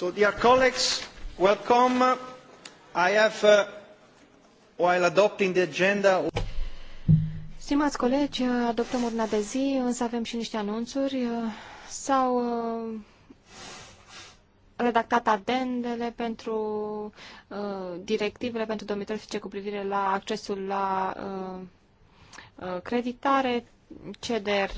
So, dear colleagues, welcome. I have, uh, while adopting the agenda... Stimați colegi, uh, adoptăm urna de zi, însă avem și niște anunțuri. Uh, s-au uh, redactat adendele pentru uh, directivele pentru domitorifice cu privire la accesul la creditare, CEDER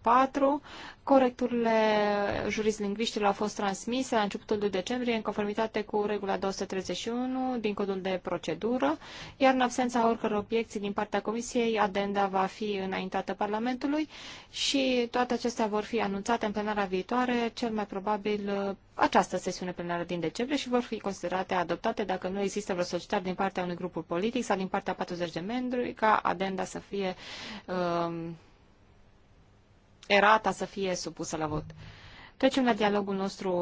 4, Corecturile jurislingviștilor au fost transmise la începutul de decembrie în conformitate cu regula 231 din codul de procedură, iar în absența oricăror obiecții din partea Comisiei, adenda va fi înaintată Parlamentului și toate acestea vor fi anunțate în plenara viitoare, cel mai probabil uh, această sesiune plenară din decembrie și vor fi considerate adoptate dacă nu există vreo solicitare din partea unui grup politic sau din partea 40 de membri ca adenda să fie uh, erata să fie supusă la vot. Trecem la dialogul nostru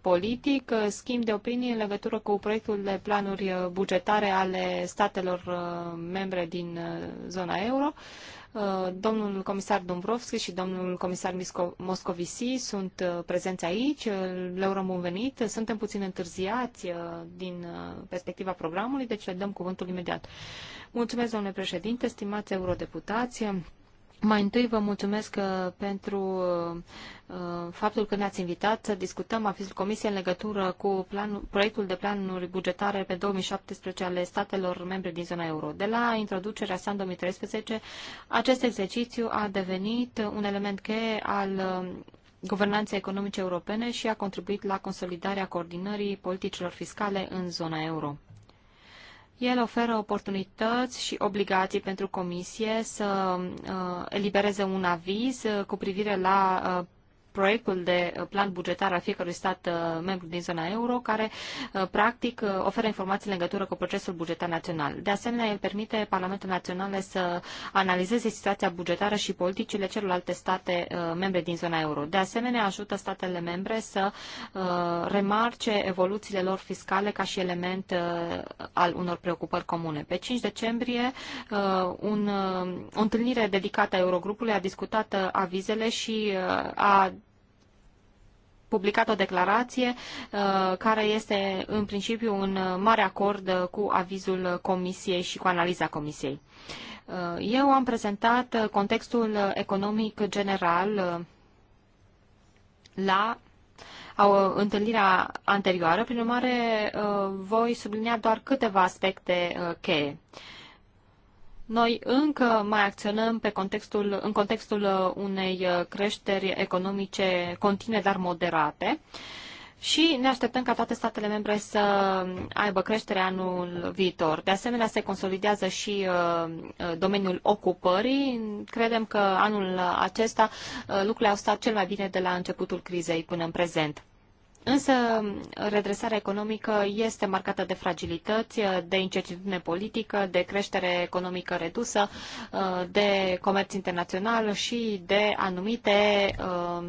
politic, schimb de opinii în legătură cu proiectul de planuri bugetare ale statelor uh, membre din uh, zona euro. Uh, domnul comisar Dombrovski și domnul comisar Moscovici sunt prezenți aici, le urăm bun venit, suntem puțin întârziați din perspectiva programului, deci le dăm cuvântul imediat. Mulțumesc, domnule președinte, stimați eurodeputați. Mai întâi vă mulțumesc uh, pentru uh, uh, faptul că ne-ați invitat să discutăm avizul Comisiei în legătură cu planul, proiectul de planuri bugetare pe 2017 ale statelor membre din zona euro. De la introducerea sa în 2013, acest exercițiu a devenit un element cheie al guvernanței economice europene și a contribuit la consolidarea coordinării politicilor fiscale în zona euro. El oferă oportunități și obligații pentru comisie să uh, elibereze un aviz uh, cu privire la uh, proiectul de plan bugetar al fiecărui stat uh, membru din zona euro, care uh, practic uh, oferă informații în legătură cu procesul bugetar național. De asemenea, el permite Parlamentul Național să analizeze situația bugetară și politicile celorlalte state membre din zona euro. De asemenea, ajută statele membre să remarce evoluțiile lor fiscale ca și element al unor preocupări comune. Pe 5 decembrie, un, o întâlnire dedicată a Eurogrupului a discutat avizele și a publicat o declarație uh, care este în principiu un mare acord cu avizul Comisiei și cu analiza Comisiei. Uh, eu am prezentat contextul economic general uh, la întâlnirea anterioară, prin urmare voi sublinia doar câteva aspecte cheie. Noi încă mai acționăm pe contextul, în contextul uh, unei uh, creșteri economice continue, dar moderate. Și ne așteptăm ca toate statele membre să aibă creștere anul viitor. De asemenea, se consolidează și uh, domeniul ocupării. Credem că anul acesta lucrurile au stat cel mai bine de la începutul crizei până în prezent. Însă redresarea economică este marcată de fragilități, de incertitudine politică, de creștere economică redusă, de comerț internațional și de anumite uh,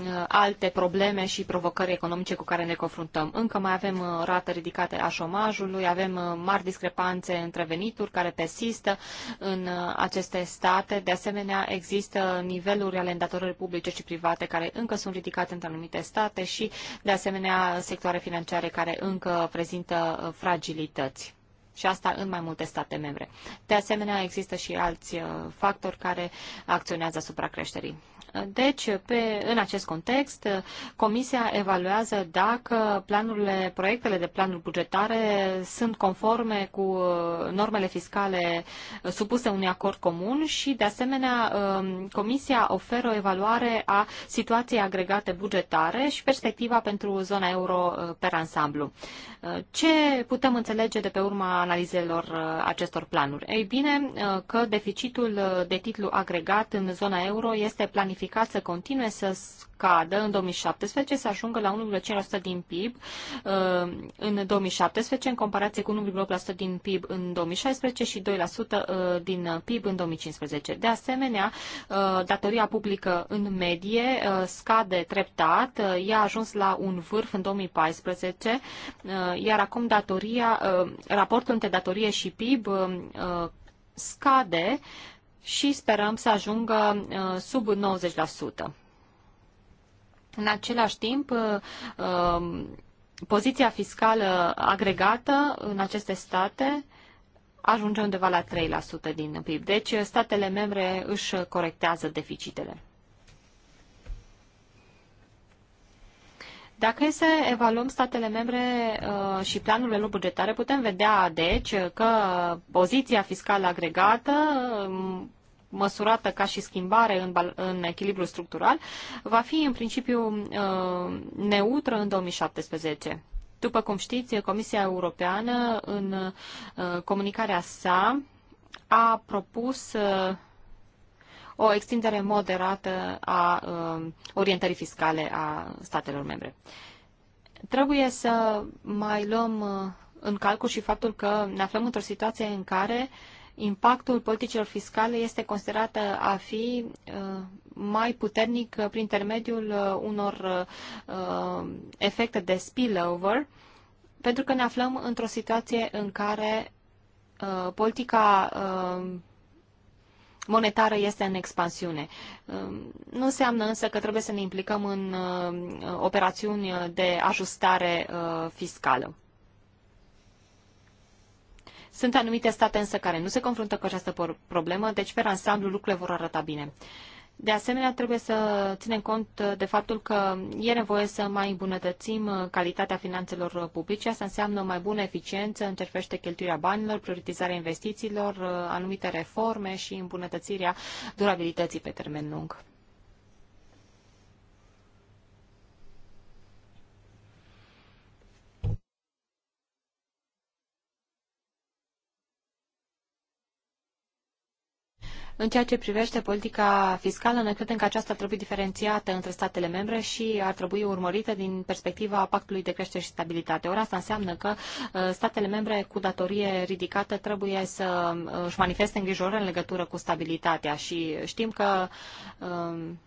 Uh, alte probleme și provocări economice cu care ne confruntăm. Încă mai avem uh, rate ridicate a șomajului, avem uh, mari discrepanțe între venituri care persistă în aceste state. De asemenea, există niveluri ale îndatorării publice și private care încă sunt ridicate în anumite state și, de asemenea, sectoare financiare care încă prezintă fragilități și asta în mai multe state membre. De asemenea, există și alți factori care acționează asupra creșterii. Deci, pe, în acest context, Comisia evaluează dacă planurile, proiectele de planuri bugetare sunt conforme cu uh, normele fiscale supuse unui acord comun și, de asemenea, um, Comisia oferă o evaluare a situației agregate bugetare și perspectiva pentru zona euro uh, per ansamblu. Uh, ce putem înțelege de pe urma analizelor acestor planuri? Ei bine, că deficitul de titlu agregat în zona euro este planificat planificat să continue să scadă în 2017, să ajungă la 1,5% din PIB uh, în 2017, în comparație cu 1,8% din PIB în 2016 și 2% uh, din PIB în 2015. De asemenea, uh, datoria publică în medie scade treptat, ea a ajuns la un vârf în 2014, iar acum datoria, raportul între datorie și PIB scade și sperăm să ajungă uh, sub 90%. În același timp, uh, um, poziția fiscală agregată în aceste state ajunge undeva la 3% din PIB. Deci, uh, statele membre își corectează deficitele. Dacă e să evaluăm statele membre și planurile lor bugetare, putem vedea, deci, că poziția fiscală agregată um, măsurată ca și schimbare în, în echilibru structural, va fi în principiu uh, neutră în 2017. După cum știți, Comisia Europeană, în uh, comunicarea sa, a propus uh, o extindere moderată a orientării fiscale a statelor membre. Trebuie să mai luăm în calcul și faptul că ne aflăm într-o situație în care uh, impactul politicilor fiscale este considerat a fi uh, mai puternic prin intermediul uh, unor uh, efecte de spillover, pentru că ne aflăm într-o situație în care politica monetară este în expansiune. Nu înseamnă însă că trebuie să ne implicăm în operațiuni de ajustare fiscală. Sunt anumite state însă care nu se confruntă cu această problemă, deci pe ansamblu lucrurile vor arăta bine. De asemenea, trebuie să ținem cont de faptul că e nevoie să mai îmbunătățim calitatea finanțelor publice. Asta înseamnă mai bună eficiență în ce cheltuirea banilor, prioritizarea investițiilor, anumite reforme și îmbunătățirea durabilității pe termen lung. În ceea ce privește politica fiscală, noi credem că aceasta trebuie diferențiată între statele membre și ar trebui urmărită din perspectiva pactului de creștere și stabilitate. Ora asta înseamnă că uh, statele membre cu datorie ridicată trebuie să uh, își manifeste îngrijorări în legătură cu stabilitatea și știm că um,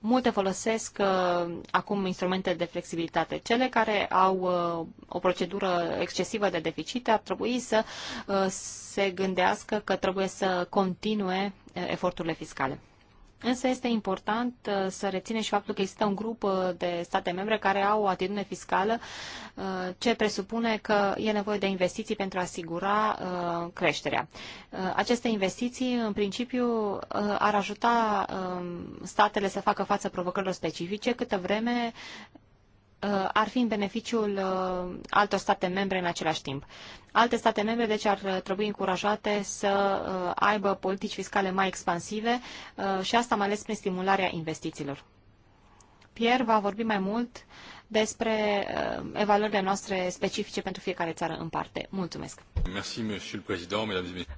Multe folosesc uh, acum instrumente de flexibilitate. Cele care au uh, o procedură excesivă de deficit ar trebui să uh, se gândească că trebuie să continue uh, eforturile fiscale. Însă este important uh, să reținem și faptul că există un grup uh, de state membre care au o atitudine fiscală uh, ce presupune că e nevoie de investiții pentru a asigura creșterea. Aceste investiții, în principiu, ar ajuta um, statele să facă față provocărilor specifice câtă vreme Uh, ar fi în beneficiul uh, altor state membre în același timp. Alte state membre, deci, ar uh, trebui încurajate să aibă politici fiscale mai expansive și asta mai ales prin stimularea investițiilor. Pierre va vorbi mai mult despre uh, evaluările noastre specifice pentru fiecare țară în parte. Mulțumesc!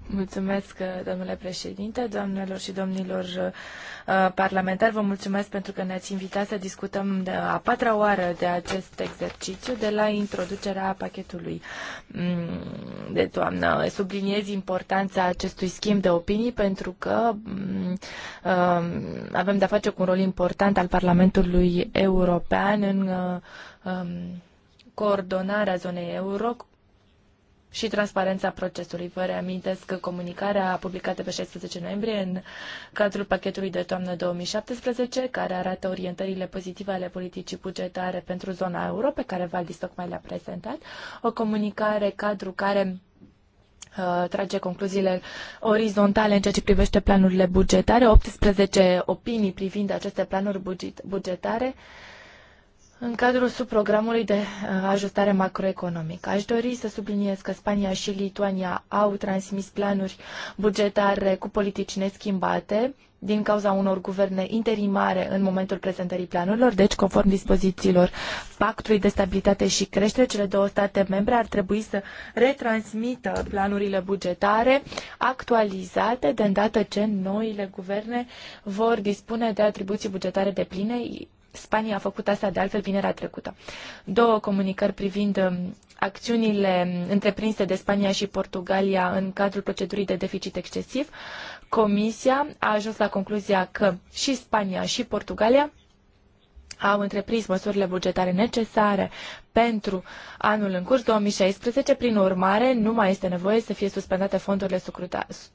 Mulțumesc, uh, domnule președinte, doamnelor și domnilor uh, parlamentari. Vă mulțumesc pentru că ne-ați invitat să discutăm de a patra oară de acest exercițiu, de la introducerea pachetului mm, de toamnă. Subliniez importanța acestui schimb de opinii pentru că mm, avem de-a face cu un rol important al Parlamentului European în um, coordonarea zonei euro și transparența procesului. Vă reamintesc că comunicarea publicată pe 16 noiembrie în cadrul pachetului de toamnă 2017, care arată orientările pozitive ale politicii bugetare pentru zona euro, pe care Valdis tocmai le-a prezentat, o comunicare cadru care uh, trage concluziile orizontale în ceea ce privește planurile bugetare, 18 opinii privind aceste planuri bugetare, în cadrul subprogramului de uh, ajustare macroeconomică, aș dori să subliniez că Spania și Lituania au transmis planuri bugetare cu politici neschimbate din cauza unor guverne interimare în momentul prezentării planurilor, deci conform dispozițiilor Pactului de Stabilitate și Creștere, cele două state membre ar trebui să retransmită planurile bugetare actualizate de îndată ce noile guverne vor dispune de atribuții bugetare de pline, Spania a făcut asta de altfel vinerea trecută. Două comunicări privind um, acțiunile întreprinse de Spania și Portugalia în cadrul procedurii de deficit excesiv. Comisia a ajuns la concluzia că și Spania și Portugalia au întreprins măsurile bugetare necesare pentru anul în curs 2016. Prin urmare, nu mai este nevoie să fie suspendate fondurile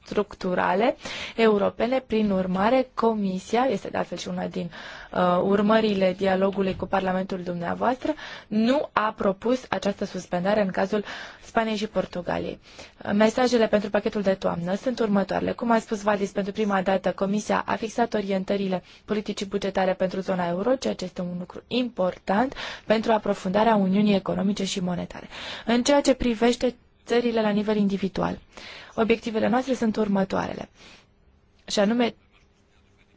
structurale europene. Prin urmare, Comisia, este de altfel și una din uh, urmările dialogului cu Parlamentul dumneavoastră, nu a propus această suspendare în cazul Spaniei și Portugaliei. Mesajele pentru pachetul de toamnă sunt următoarele. Cum a spus Valdis, pentru prima dată Comisia a fixat orientările politicii bugetare pentru zona euro, ceea ce este un lucru important pentru aprofundarea Uniunii Uniunii Economice și Monetare. În ceea ce privește țările la nivel individual, obiectivele noastre sunt următoarele. Și anume,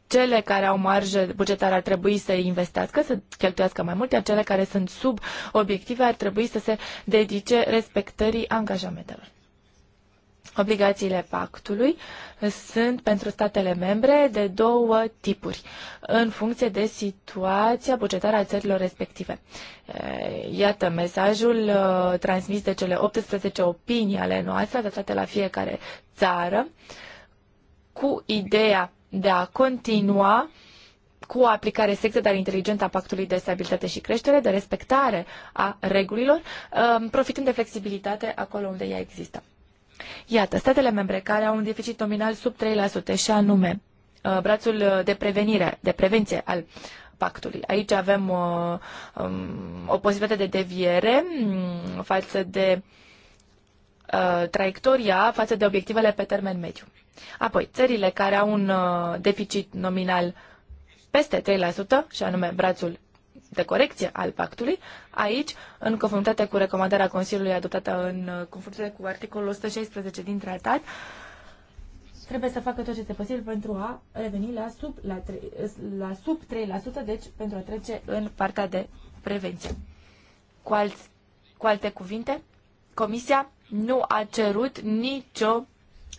cele care au marjă bugetară ar trebui să investească, să cheltuiască mai mult, iar cele care sunt sub obiective ar trebui să se dedice respectării angajamentelor. Obligațiile pactului sunt pentru statele membre de două tipuri, în funcție de situația bugetară a țărilor respective. Iată mesajul transmis de cele 18 opinii ale noastre adaptate la fiecare țară, cu ideea de a continua cu o aplicare sectă, dar inteligentă a pactului de stabilitate și creștere, de respectare a regulilor, profitând de flexibilitate acolo unde ea există. Iată, statele membre care au un deficit nominal sub 3% și anume uh, brațul de prevenire, de prevenție al pactului. Aici avem o, uh, um, o posibilitate de deviere mm, față de uh, traiectoria față de obiectivele pe termen mediu. Apoi, țările care au un deficit nominal peste 3%, și anume brațul de corecție al pactului. Aici, în conformitate cu recomandarea Consiliului adoptată în uh, conformitate cu articolul 116 din tratat, trebuie să facă tot ce este posibil pentru a reveni la sub, la 3, la sub 3%, deci pentru a trece în partea de prevenție. Cu, alți, cu alte cuvinte, Comisia nu a cerut nicio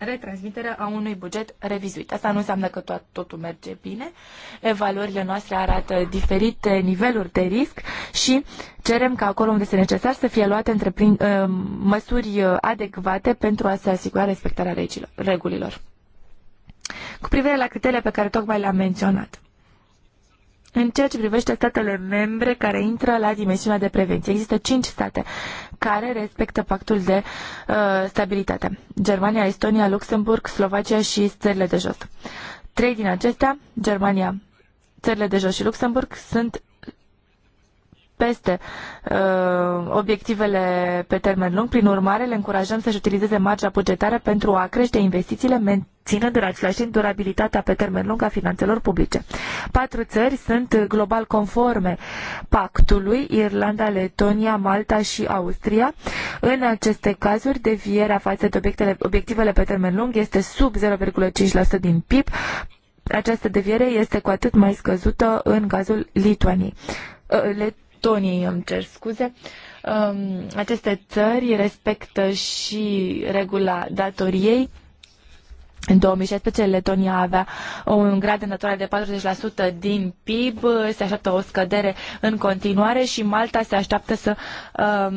retransmiterea a unui buget revizuit. Asta nu înseamnă că tot, totul merge bine. Evaluările noastre arată diferite niveluri de risc și cerem ca acolo unde este necesar să fie luate întreprin, uh, măsuri uh, adecvate pentru a se asigura respectarea regulilor. Cu privire la criteriile pe care tocmai le-am menționat. În ceea ce privește statele membre care intră la dimensiunea de prevenție, există cinci state care respectă pactul de uh, stabilitate. Germania, Estonia, Luxemburg, Slovacia și țările de jos. Trei din acestea, Germania, țările de jos și Luxemburg, sunt peste uh, obiectivele pe termen lung. Prin urmare, le încurajăm să-și utilizeze marja bugetară pentru a crește investițiile, menținând în același timp durabilitatea pe termen lung a finanțelor publice. Patru țări sunt global conforme pactului, Irlanda, Letonia, Malta și Austria. În aceste cazuri, devierea față de obiectele, obiectivele pe termen lung este sub 0,5% din PIB. Această deviere este cu atât mai scăzută în cazul Lituaniei. Uh, Letoniei, îmi cer scuze, um, aceste țări respectă și regula datoriei. În 2016 Letonia avea un grad de îndatorare de 40% din PIB, se așteaptă o scădere în continuare și Malta se așteaptă să um,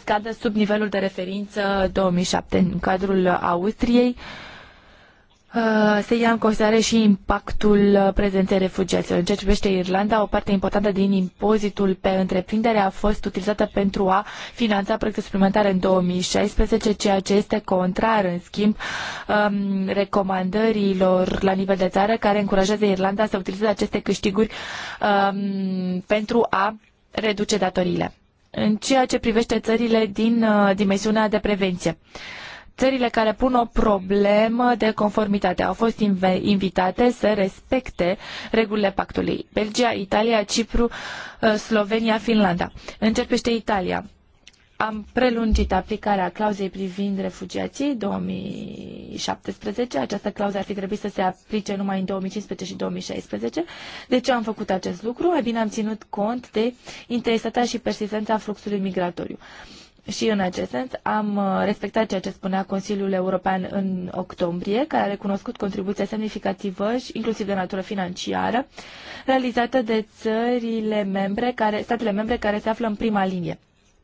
scadă sub nivelul de referință 2007 în cadrul Austriei. Uh, Uh, se ia în considerare și impactul uh, prezenței refugiaților. În ceea ce privește Irlanda, o parte importantă din impozitul pe întreprindere a fost utilizată pentru a finanța proiecte suplimentare în 2016, ceea ce este contrar, în schimb, um, recomandărilor la nivel de țară care încurajează Irlanda să utilizeze aceste câștiguri um, pentru a reduce datoriile. În ceea ce privește țările din uh, dimensiunea de prevenție țările care pun o problemă de conformitate au fost invitate să respecte regulile pactului. Belgia, Italia, Cipru, uh, Slovenia, Finlanda. Începește Italia. Am prelungit aplicarea clauzei privind refugiații 2017. Această clauză ar fi trebuit să se aplice numai în 2015 și 2016. De ce am făcut acest lucru? Mai bine am ținut cont de intensitatea și persistența fluxului migratoriu. Uh, și în acest sens am uh, respectat ceea ce spunea Consiliul European în octombrie, care a recunoscut contribuția semnificativă și inclusiv de natură financiară realizată de țările membre care, statele membre care se află în prima linie,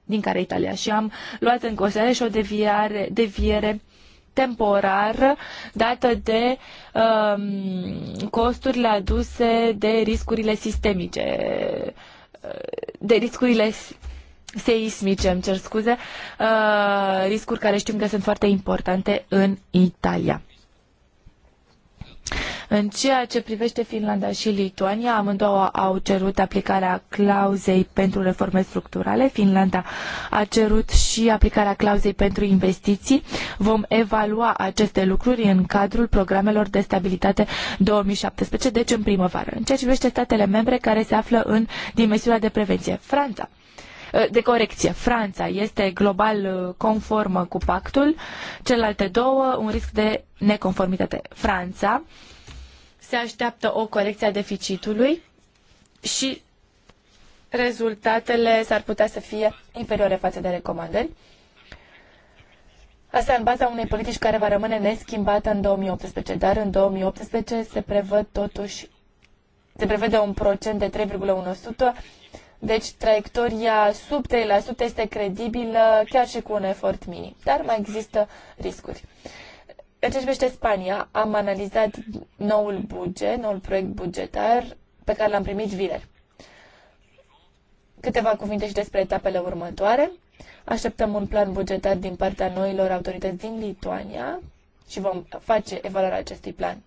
din care Italia. Și am luat în considerare și o deviare, deviere temporar dată de um, costurile aduse de riscurile sistemice, uh, de riscurile seismice, îmi cer scuze, uh, riscuri care știm că sunt foarte importante în Italia. În ceea ce privește Finlanda și Lituania, amândouă au cerut aplicarea clauzei pentru reforme structurale. Finlanda a cerut și aplicarea clauzei pentru investiții. Vom evalua aceste lucruri în cadrul programelor de stabilitate 2017, deci în primăvară. În ceea ce privește statele membre care se află în dimensiunea de prevenție, Franța Eh, de corecție. Franța este global eh, conformă cu pactul, celelalte două un risc de neconformitate. Franța se așteaptă o corecție a deficitului și rezultatele s-ar putea să fie inferioare față de recomandări. Asta în baza unei politici care va rămâne neschimbată în 2018, dar în 2018 se prevăd totuși se prevede un procent de 3,1% deci traiectoria sub 3% este credibilă chiar și cu un efort minim, dar mai există riscuri. În ce privește Spania, am analizat noul buget, noul proiect bugetar pe care l-am primit vineri. Câteva cuvinte și despre etapele următoare. Așteptăm un plan bugetar din partea noilor autorități din Lituania și vom face evaluarea acestui plan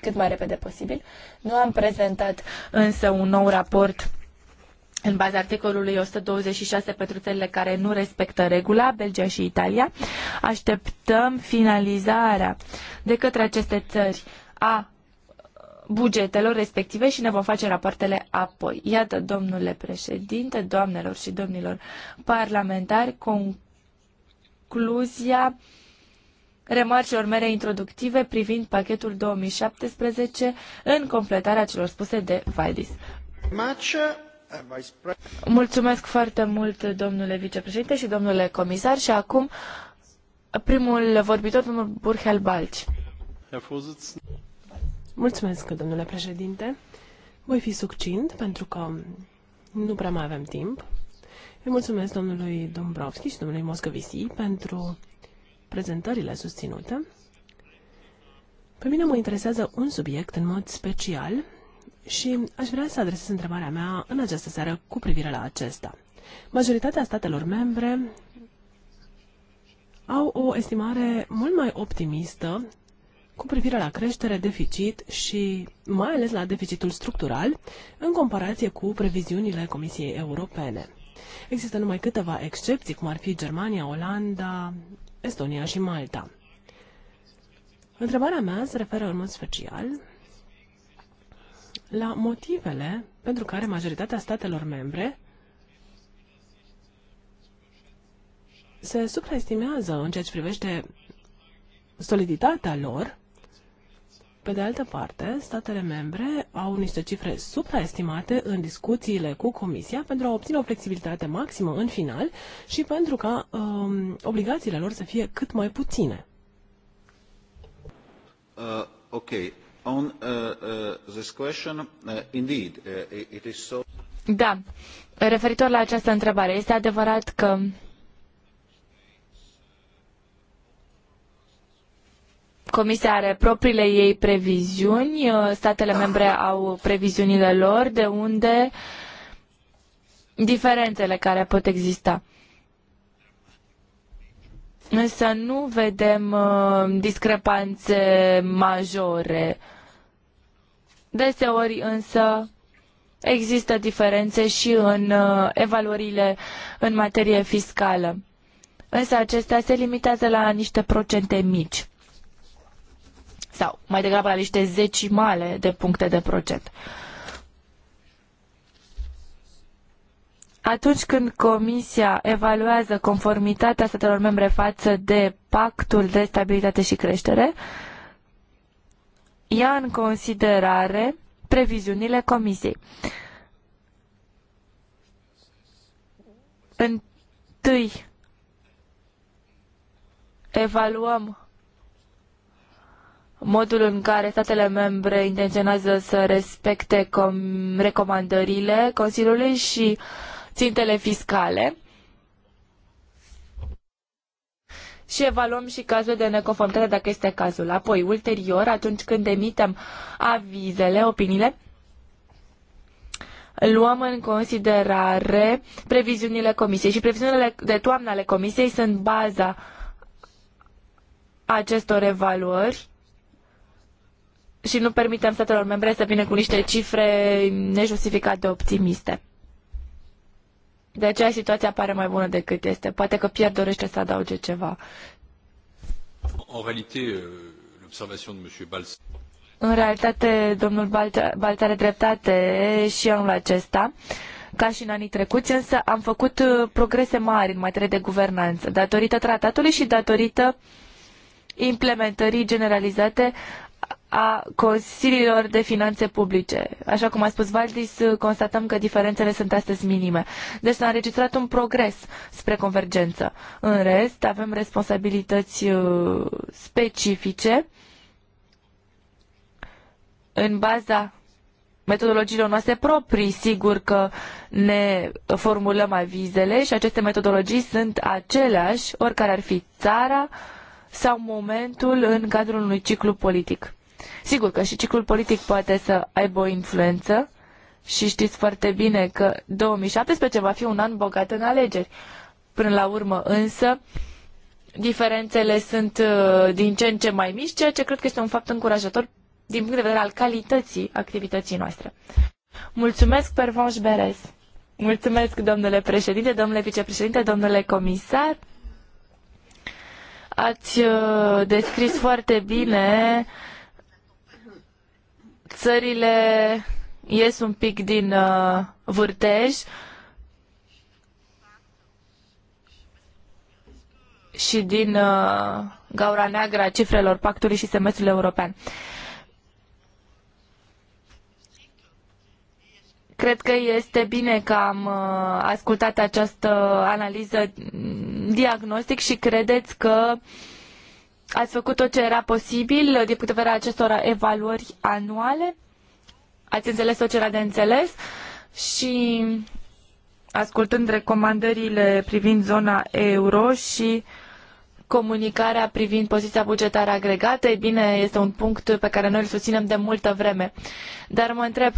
cât mai repede posibil. Nu am prezentat însă un nou raport în baza articolului 126 pentru țările care nu respectă regula, Belgia și Italia. Așteptăm finalizarea de către aceste țări a bugetelor respective și ne vom face rapoartele apoi. Iată, domnule președinte, doamnelor și domnilor parlamentari, concluzia remarcilor mele introductive privind pachetul 2017 în completarea celor spuse de Valdis. Match. Mulțumesc foarte mult, domnule vicepreședinte și domnule comisar. Și acum, primul vorbitor, domnul Burhel Balci. Mulțumesc, domnule președinte. Voi fi succint, pentru că nu prea mai avem timp. Îi mulțumesc domnului Dombrovski și domnului Moscovici pentru prezentările susținute. Pe mine mă interesează un subiect în mod special și aș vrea să adresez întrebarea mea în această seară cu privire la acesta. Majoritatea statelor membre au o estimare mult mai optimistă cu privire la creștere, deficit și mai ales la deficitul structural în comparație cu previziunile Comisiei Europene. Există numai câteva excepții, cum ar fi Germania, Olanda, Estonia și Malta. Întrebarea mea se referă în mod special la motivele pentru care majoritatea statelor membre se supraestimează în ceea ce privește soliditatea lor. Pe de altă parte, statele membre au niște cifre supraestimate în discuțiile cu Comisia pentru a obține o flexibilitate maximă în final și pentru ca um, obligațiile lor să fie cât mai puține. Uh, ok on uh, uh, this question, uh, indeed, uh, it is so. Da, referitor la această întrebare, este adevărat că Comisia are propriile ei previziuni, uh, statele membre au previziunile lor, de unde diferențele care pot exista. Însă nu vedem uh, discrepanțe majore. Deseori însă există diferențe și în uh, evaluările în materie fiscală. Însă acestea se limitează la niște procente mici sau mai degrabă la niște zecimale de puncte de procent. Atunci când Comisia evaluează conformitatea statelor membre față de Pactul de Stabilitate și Creștere, uh, ia în considerare previziunile Comisiei. Întâi evaluăm modul în care statele membre intenționează să respecte recomandările Consiliului și țintele fiscale și evaluăm și cazul de neconformitate dacă este cazul. Apoi, ulterior, atunci când emitem avizele, opiniile, luăm în considerare previziunile comisiei și previziunile de toamnă ale comisiei sunt baza acestor evaluări și nu permitem statelor membre să vină cu niște cifre nejustificat de optimiste. De aceea situația pare mai bună decât este. Poate că Pierre dorește să adauge ceva. În realitate, euh, de În realitate, domnul Balț are dreptate și anul acesta, ca și în anii trecuți, însă am făcut uh, progrese mari în materie de guvernanță, datorită tratatului și datorită implementării generalizate a Consiliilor de Finanțe Publice. Așa cum a spus Valdis, constatăm că diferențele sunt astăzi minime. Deci s-a înregistrat un progres spre convergență. În rest, avem responsabilități uh, specifice în baza metodologiilor noastre proprii, sigur că ne formulăm avizele și aceste metodologii sunt aceleași, oricare ar fi țara sau momentul în cadrul unui ciclu politic. Sigur că și ciclul politic poate să aibă o influență și știți foarte bine că 2017 va fi un an bogat în alegeri. Până la urmă însă, diferențele sunt uh, din ce în ce mai mici, ceea ce cred că este un fapt încurajator din punct de vedere al calității activității noastre. Mulțumesc, Pervanș Berez. Mulțumesc, domnule președinte, domnule vicepreședinte, domnule comisar. Ați uh, descris foarte bine uh, țările ies un pic din uh, vârtej și din uh, gaura neagră a cifrelor pactului și semestrului european. Cred că este bine că am uh, ascultat această analiză mm, diagnostic și credeți că uh, ați făcut tot ce era posibil din punct de vedere acestor evaluări anuale? Ați înțeles tot ce era de înțeles? Și ascultând recomandările privind zona euro și comunicarea privind poziția bugetară agregată, e bine, este un punct pe care noi îl susținem de multă vreme. Dar mă întreb,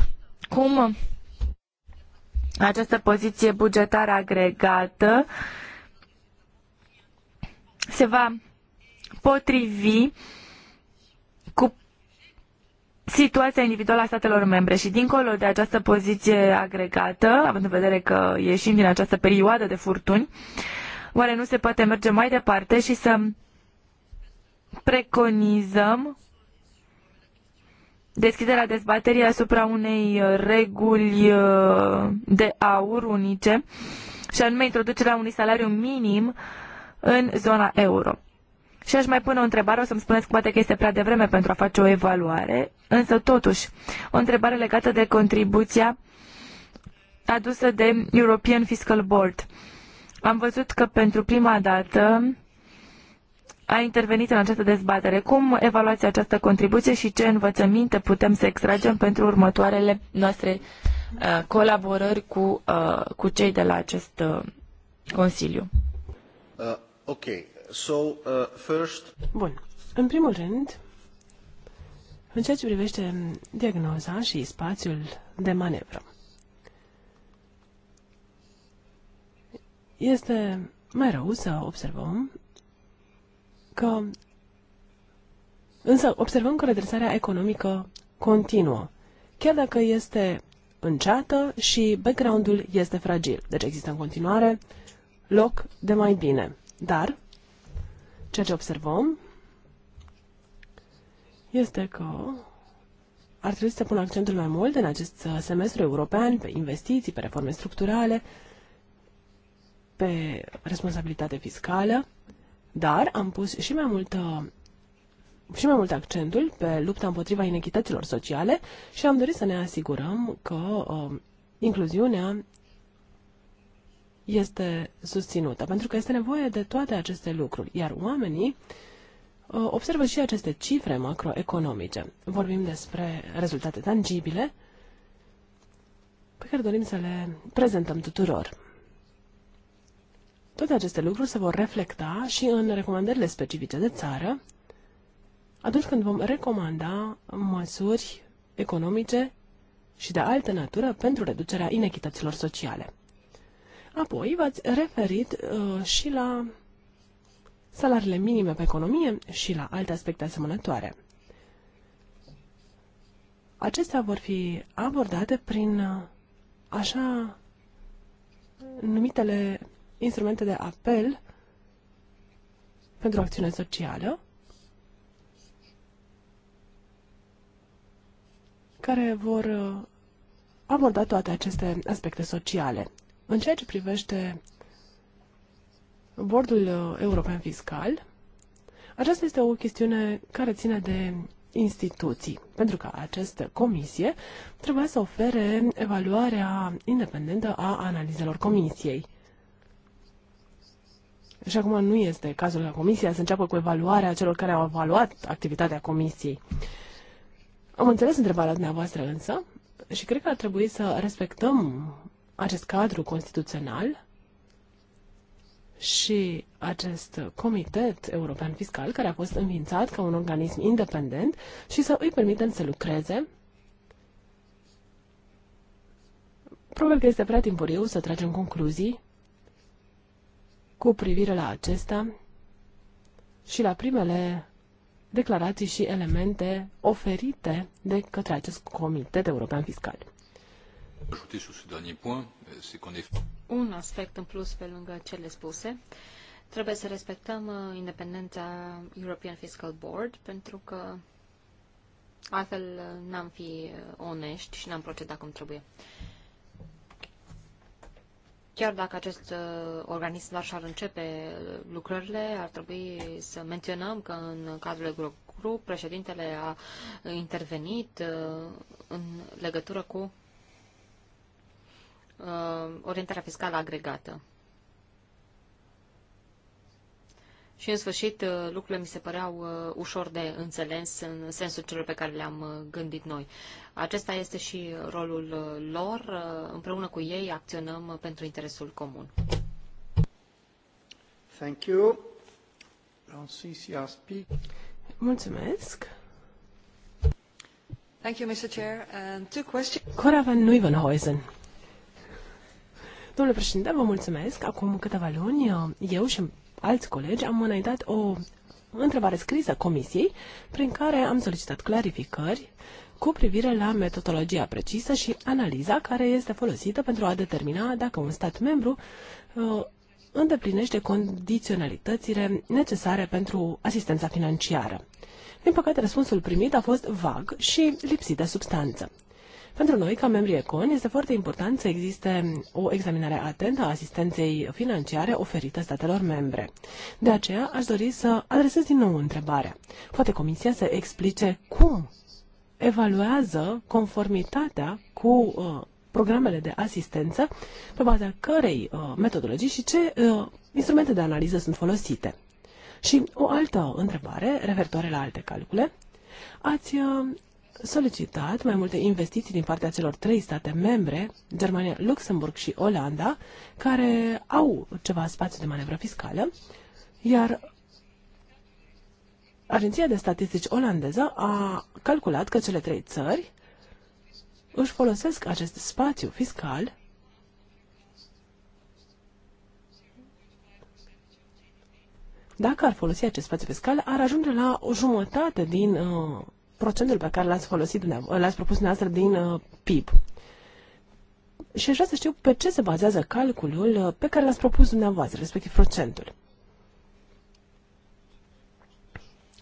cum această poziție bugetară agregată se va potrivi cu situația individuală a statelor membre și dincolo de această poziție agregată, având în vedere că ieșim din această perioadă de furtuni, oare nu se poate merge mai departe și să preconizăm deschiderea dezbaterii asupra unei uh, reguli uh, de aur unice și anume introducerea unui salariu minim în zona euro. Și aș mai pune o întrebare, o să-mi spuneți poate că este prea devreme pentru a face o evaluare, însă totuși, o întrebare legată de contribuția adusă de European Fiscal Board. Am văzut că pentru prima dată a intervenit în această dezbatere. Cum evaluați această contribuție și ce învățăminte putem să extragem pentru următoarele noastre uh, colaborări cu, uh, cu cei de la acest uh, Consiliu? Uh, ok. Uh, Bun. În primul rând, în ceea ce privește diagnoza și spațiul de manevră, este mai rău să observăm că însă observăm că redresarea economică continuă, chiar dacă este înceată și background-ul este fragil, deci există în continuare loc de mai bine. Dar Ceea ce observăm este că ar trebui să pun accentul mai mult în acest semestru european pe investiții, pe reforme structurale, pe responsabilitate fiscală, dar am pus și mai mult, și mai mult accentul pe lupta împotriva inechităților sociale și am dorit să ne asigurăm că uh, incluziunea este susținută, pentru că este nevoie de toate aceste lucruri, iar oamenii uh, observă și aceste cifre macroeconomice. Vorbim despre rezultate tangibile pe care dorim să le prezentăm tuturor. Toate aceste lucruri se vor reflecta și în recomandările specifice de țară, atunci când vom recomanda măsuri economice și de altă natură pentru reducerea inechităților sociale. Apoi v-ați referit uh, și la salariile minime pe economie și la alte aspecte asemănătoare. Acestea vor fi abordate prin uh, așa numitele instrumente de apel pentru acțiune socială, care vor uh, aborda toate aceste aspecte sociale. În ceea ce privește Bordul uh, European Fiscal, aceasta este o chestiune care ține de instituții, pentru că această comisie trebuie să ofere evaluarea independentă a analizelor comisiei. Și acum nu este cazul la comisia să înceapă cu evaluarea celor care au evaluat activitatea comisiei. Am înțeles întrebarea dumneavoastră însă și cred că ar trebui să respectăm acest cadru constituțional și acest Comitet European Fiscal, care a fost înființat ca un organism independent și să îi permitem să lucreze. Probabil că este prea timpuriu să tragem concluzii cu privire la acesta și la primele declarații și elemente oferite de către acest Comitet European Fiscal. Euh, Un aspect în plus pe lângă cele spuse. Trebuie să respectăm uh, independența European Fiscal Board pentru că altfel uh, n-am fi uh, onești și n-am procedat cum trebuie. Chiar dacă acest organism doar și-ar începe lucrările, ar trebui să menționăm că în cadrul grup președintele a intervenit în legătură cu Uh, orientarea fiscală agregată. Și, în sfârșit, uh, lucrurile mi se păreau uh, ușor de înțeles în sensul celor pe care le-am gândit noi. Acesta este și rolul lor. Împreună cu ei acționăm pentru interesul comun. Thank you. Mulțumesc. Thank you, Mr. Chair. And two questions. Cora van Nuivenhuizen. Domnule președinte, vă mulțumesc. Acum câteva luni, eu și alți colegi am înaintat o întrebare scrisă comisiei, prin care am solicitat clarificări cu privire la metodologia precisă și analiza care este folosită pentru a determina dacă un stat membru uh, îndeplinește condiționalitățile necesare pentru asistența financiară. Din păcate, răspunsul primit a fost vag și lipsit de substanță. Pentru noi, ca membri ECON, este foarte important să existe o examinare atentă a asistenței financiare oferită statelor membre. De aceea, aș dori să adresez din nou întrebarea. Poate Comisia să explice cum evaluează conformitatea cu uh, programele de asistență, pe baza cărei uh, metodologii și ce uh, instrumente de analiză sunt folosite. Și o altă întrebare, referitoare la alte calcule, ați uh, solicitat mai multe investiții din partea celor trei state membre, Germania, Luxemburg și Olanda, care au ceva spațiu de manevră fiscală, iar Agenția de Statistici olandeză a calculat că cele trei țări își folosesc acest spațiu fiscal Dacă ar folosi acest spațiu fiscal, ar ajunge la o jumătate din uh, procentul pe care l-ați folosit, l-ați propus dumneavoastră din uh, PIB. Și aș vrea să știu pe ce se bazează calculul uh, pe care l-ați propus dumneavoastră, respectiv procentul.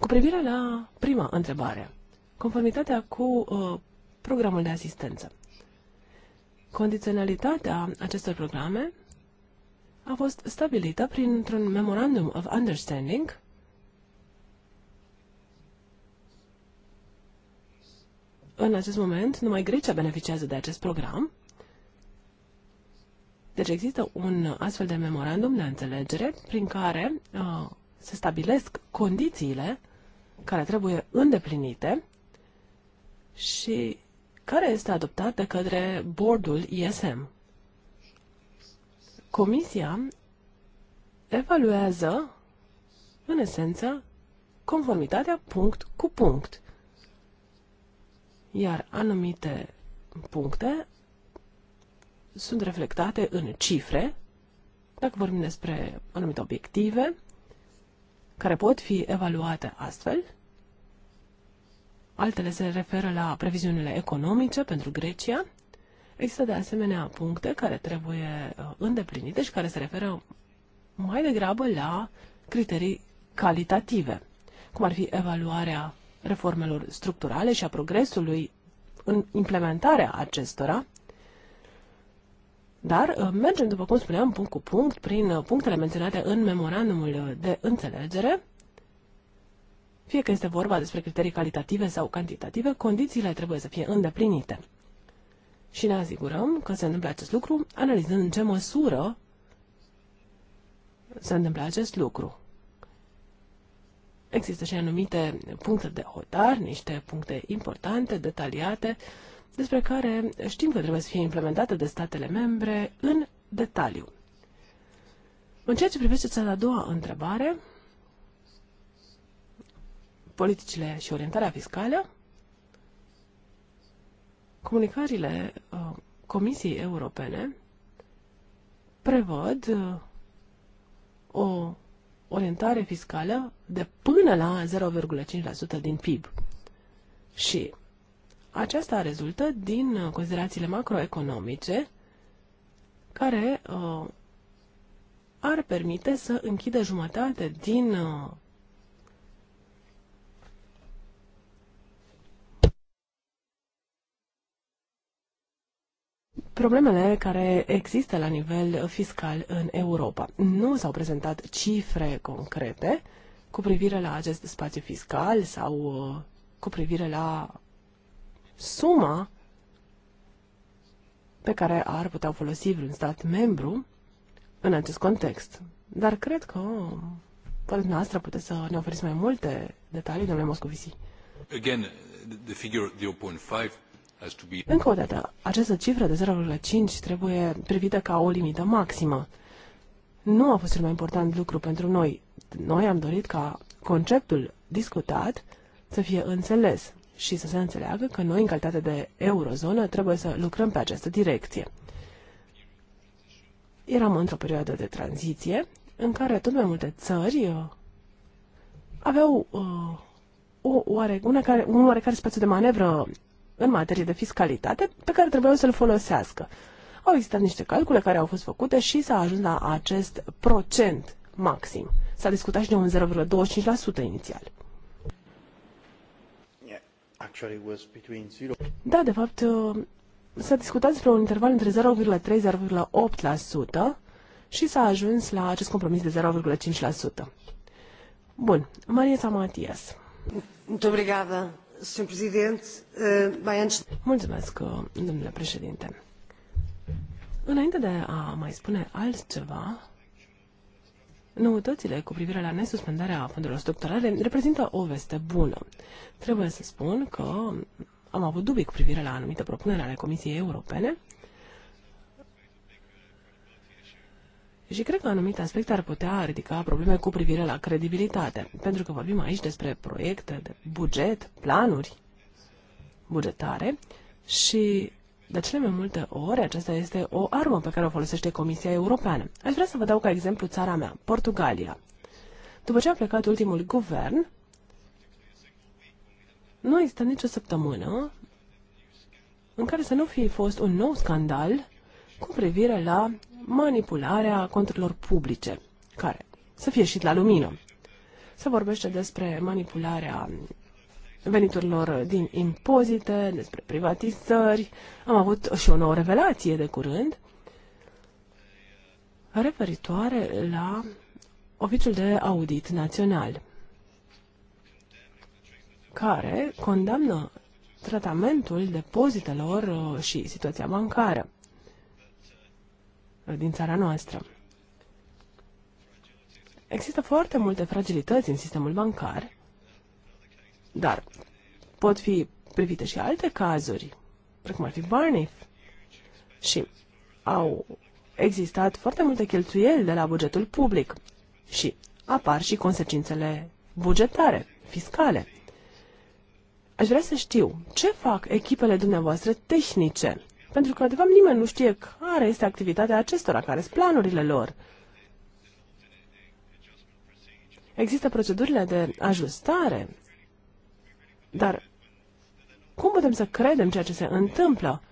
Cu privire la prima întrebare, conformitatea cu uh, programul de asistență. Condiționalitatea acestor programe a fost stabilită printr-un Memorandum of Understanding În acest moment, numai Grecia beneficiază de acest program. Deci există un astfel de memorandum de înțelegere prin care uh, se stabilesc condițiile care trebuie îndeplinite și care este adoptat de către bordul ISM. Comisia evaluează, în esență, conformitatea punct cu punct iar anumite puncte sunt reflectate în cifre, dacă vorbim despre anumite obiective, care pot fi evaluate astfel. Altele se referă la previziunile economice pentru Grecia. Există de asemenea puncte care trebuie uh, îndeplinite și care se referă mai degrabă la criterii calitative, cum ar fi evaluarea reformelor structurale și a progresului în implementarea acestora, dar uh, mergem, după cum spuneam, punct cu punct, prin uh, punctele menționate în memorandumul uh, de înțelegere, fie că este vorba despre criterii calitative sau cantitative, condițiile trebuie să fie îndeplinite. Și ne asigurăm că se întâmplă acest lucru analizând în ce măsură se întâmplă acest lucru. Există și anumite puncte de hotar, niște puncte importante, detaliate, despre care știm că trebuie să fie implementate de statele membre în detaliu. În ceea ce privește cea de-a doua întrebare, politicile și orientarea fiscală, comunicările uh, Comisiei Europene prevăd uh, o orientare fiscală de până la 0,5% din PIB. Și aceasta rezultă din uh, considerațiile macroeconomice care uh, ar permite să închidă jumătate din uh, problemele care există la nivel fiscal în Europa. Nu s-au prezentat cifre concrete, cu privire la acest spațiu fiscal sau uh, cu privire la suma pe care ar putea folosi vreun stat membru în acest context. Dar cred că poate noastră puteți să ne oferiți mai multe detalii, domnule Moscovici. Again, the figure 0.5 has to be... Încă o dată, această cifră de 0,5 trebuie privită ca o limită maximă. Nu a fost cel mai important lucru pentru noi. Noi am dorit ca conceptul discutat să fie înțeles și să se înțeleagă că noi, în calitate de eurozonă, trebuie să lucrăm pe această direcție. Eram într-o perioadă de tranziție în care tot mai multe țări uh, aveau uh, o oare, una care, un oarecare spațiu de manevră în materie de fiscalitate pe care trebuiau să-l folosească. Au existat niște calcule care au fost făcute și s-a ajuns la acest procent maxim. S-a discutat și de un 0,25% inițial. Da, de fapt, uh, s-a discutat despre un interval între 0,3-0,8% și s-a ajuns la acest compromis de 0,5%. Bun, Maria Samatias. Obrigada, Sr. Presidente. Uh, Mulțumesc, uh, domnule președinte. Înainte de a mai spune altceva, Noutățile cu privire la nesuspendarea fondurilor structurale reprezintă o veste bună. Trebuie să spun că am avut dubii cu privire la anumite propuneri ale Comisiei Europene și cred că anumite aspecte ar putea ridica probleme cu privire la credibilitate, pentru că vorbim aici despre proiecte de buget, planuri bugetare și de cele mai multe ori, aceasta este o armă pe care o folosește Comisia Europeană. Aș vrea să vă dau ca exemplu țara mea, Portugalia. După ce a plecat ultimul guvern, nu există nicio săptămână în care să nu fie fost un nou scandal cu privire la manipularea conturilor publice, care să fie ieșit la lumină. Se vorbește despre manipularea veniturilor din impozite, despre privatizări. Am avut și o nouă revelație de curând referitoare la oficiul de audit național care condamnă tratamentul depozitelor uh, și situația bancară uh, din țara noastră. Există foarte multe fragilități în sistemul bancar dar pot fi privite și alte cazuri, precum ar fi Barney. Și au existat foarte multe cheltuieli de la bugetul public și apar și consecințele bugetare, fiscale. Aș vrea să știu ce fac echipele dumneavoastră tehnice, pentru că, de fapt, nimeni nu știe care este activitatea acestora, care sunt planurile lor. Există procedurile de ajustare dar cum putem să credem ceea ce se întâmplă?